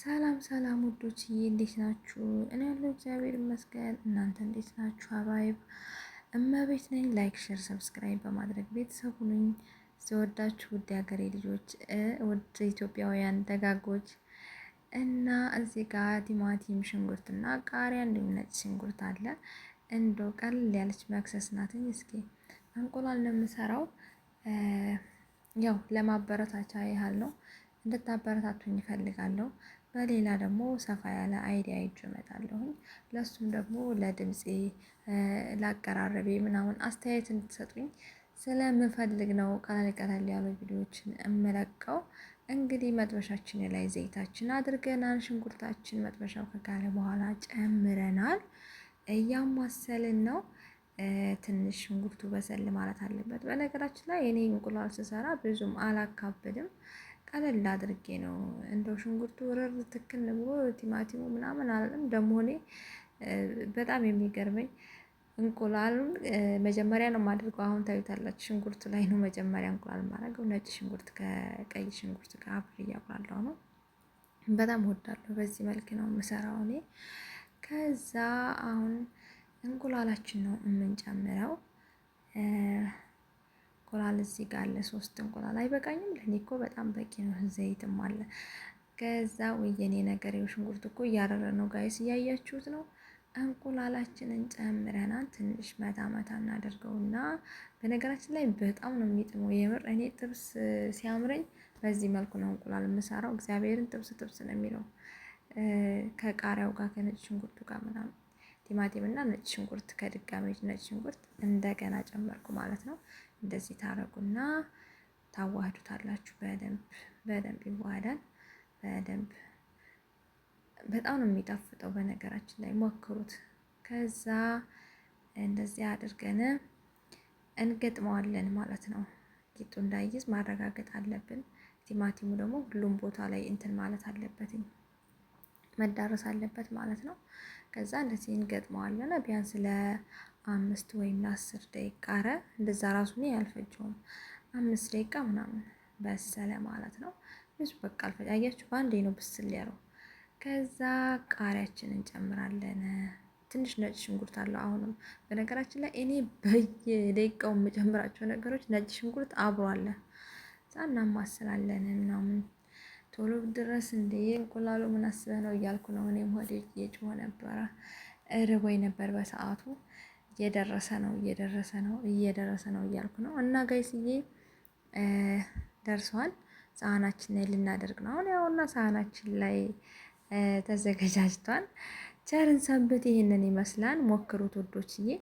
ሰላም ሰላም ውዶች እንዴት ናችሁ? እኔ ያለው እግዚአብሔር ይመስገን። እናንተ እንዴት ናችሁ? አባይብ እመቤት ነኝ። ላይክ፣ ሼር፣ ሰብስክራይብ በማድረግ ቤተሰብ ሁኑኝ። ዘወዳችሁ ውድ ሀገሬ ልጆች፣ ውድ ኢትዮጵያውያን ደጋጎች እና እዚህ ጋር ቲማቲም፣ ሽንኩርትና ቃሪያ እንዲሁም ነጭ ሽንኩርት አለ። እንዶ ቀለል ያለች መክሰስ ናትኝ። እስኪ እንቁላል ነው የምሰራው፣ ያው ለማበረታቻ ያህል ነው እንድታበረታቱኝ ይፈልጋለሁ። በሌላ ደግሞ ሰፋ ያለ አይዲያ ይዤ እመጣለሁኝ። ለሱም ደግሞ ለድምፄ ለአቀራረቤ ምናምን አስተያየት እንድትሰጡኝ ስለምፈልግ ነው ቀለል ቀለል ያሉ ቪዲዮዎችን እምለቀው። እንግዲህ መጥበሻችን ላይ ዘይታችን አድርገናል። ሽንኩርታችን መጥበሻው ከጋለ በኋላ ጨምረናል። እያማሰልን ነው። ትንሽ ሽንኩርቱ በሰል ማለት አለበት። በነገራችን ላይ እኔ እንቁላል ስሰራ ብዙም አላካብድም። ቀለል አድርጌ ነው እንደው ሽንኩርቱ ረር ትክን ብሎ ቲማቲሙ ምናምን አለም ደግሞ እኔ በጣም የሚገርመኝ እንቁላሉን መጀመሪያ ነው ማድረገው። አሁን ታዩታላችሁ፣ ሽንኩርቱ ላይ ነው መጀመሪያ እንቁላል ማድረገው። ነጭ ሽንኩርት ከቀይ ሽንኩርት ጋር አብሬ እያቁላለሁ ነው። በጣም ወዳለሁ። በዚህ መልክ ነው የምሰራው እኔ። ከዛ አሁን እንቁላላችን ነው የምንጨምረው። እንቁላል እዚህ ጋር አለ ሶስት እንቁላል አይበቃኝም። ለእኔ እኮ በጣም በቂ ነው። ዘይትም አለ። ከዛ ወየኔ ነገር የሽንኩርት እኮ እያረረ ነው ጋይስ፣ እያያችሁት ነው። እንቁላላችንን ጨምረናል። ትንሽ መታ መታ እናደርገውና በነገራችን ላይ በጣም ነው የሚጥመው። የምር እኔ ጥብስ ሲያምረኝ በዚህ መልኩ ነው እንቁላል የምሰራው። እግዚአብሔርን ጥብስ ጥብስ ነው የሚለው ከቃሪያው ጋር ከነጭ ሽንኩርቱ ጋር ምናምን ቲማቲም እና ነጭ ሽንኩርት ከድጋሚ ነጭ ሽንኩርት እንደገና ጨመርኩ ማለት ነው። እንደዚህ ታረጉና ታዋህዱታላችሁ። በደንብ በደንብ ይዋሃዳል። በደንብ በጣም ነው የሚጣፍጠው። በነገራችን ላይ ሞክሩት። ከዛ እንደዚህ አድርገን እንገጥመዋለን ማለት ነው። ቂጡ እንዳይዝ ማረጋገጥ አለብን። ቲማቲሙ ደግሞ ሁሉም ቦታ ላይ እንትን ማለት አለበት፣ መዳረስ አለበት ማለት ነው። ከዛ እንደዚህ እንገጥመዋለን ቢያንስ ለ አምስት ወይም ለአስር ደቂቃ ኧረ እንደዛ ራሱ እኔ አልፈጀውም። አምስት ደቂቃ ምናምን በሰለ ማለት ነው። ብዙ በቃ አልፈጀ አያችሁ፣ በአንዴ ነው ብስል ያለው። ከዛ ቃሪያችን እንጨምራለን። ትንሽ ነጭ ሽንኩርት አለው። አሁንም በነገራችን ላይ እኔ በየደቂቃው የምጨምራቸው ነገሮች ነጭ ሽንኩርት አብሮ አለ። እናማስላለን ምናምን ቶሎ ድረስ እንደ እንቁላሉ ምን አስበህ ነው እያልኩ ነው። እኔም ሆዴ እየጮኸ ነበረ፣ እርቦኝ ነበር በሰዓቱ። እየደረሰ ነው እየደረሰ ነው እየደረሰ ነው እያልኩ ነው። እና ጋይስዬ ደርሷል። ሳህናችን ላይ ልናደርግ ነው አሁን። ያውና ሳህናችን ላይ ተዘገጃጅቷል። ቸርን ሰንብት። ይህንን ይመስላል። ሞክሩት ውዶችዬ።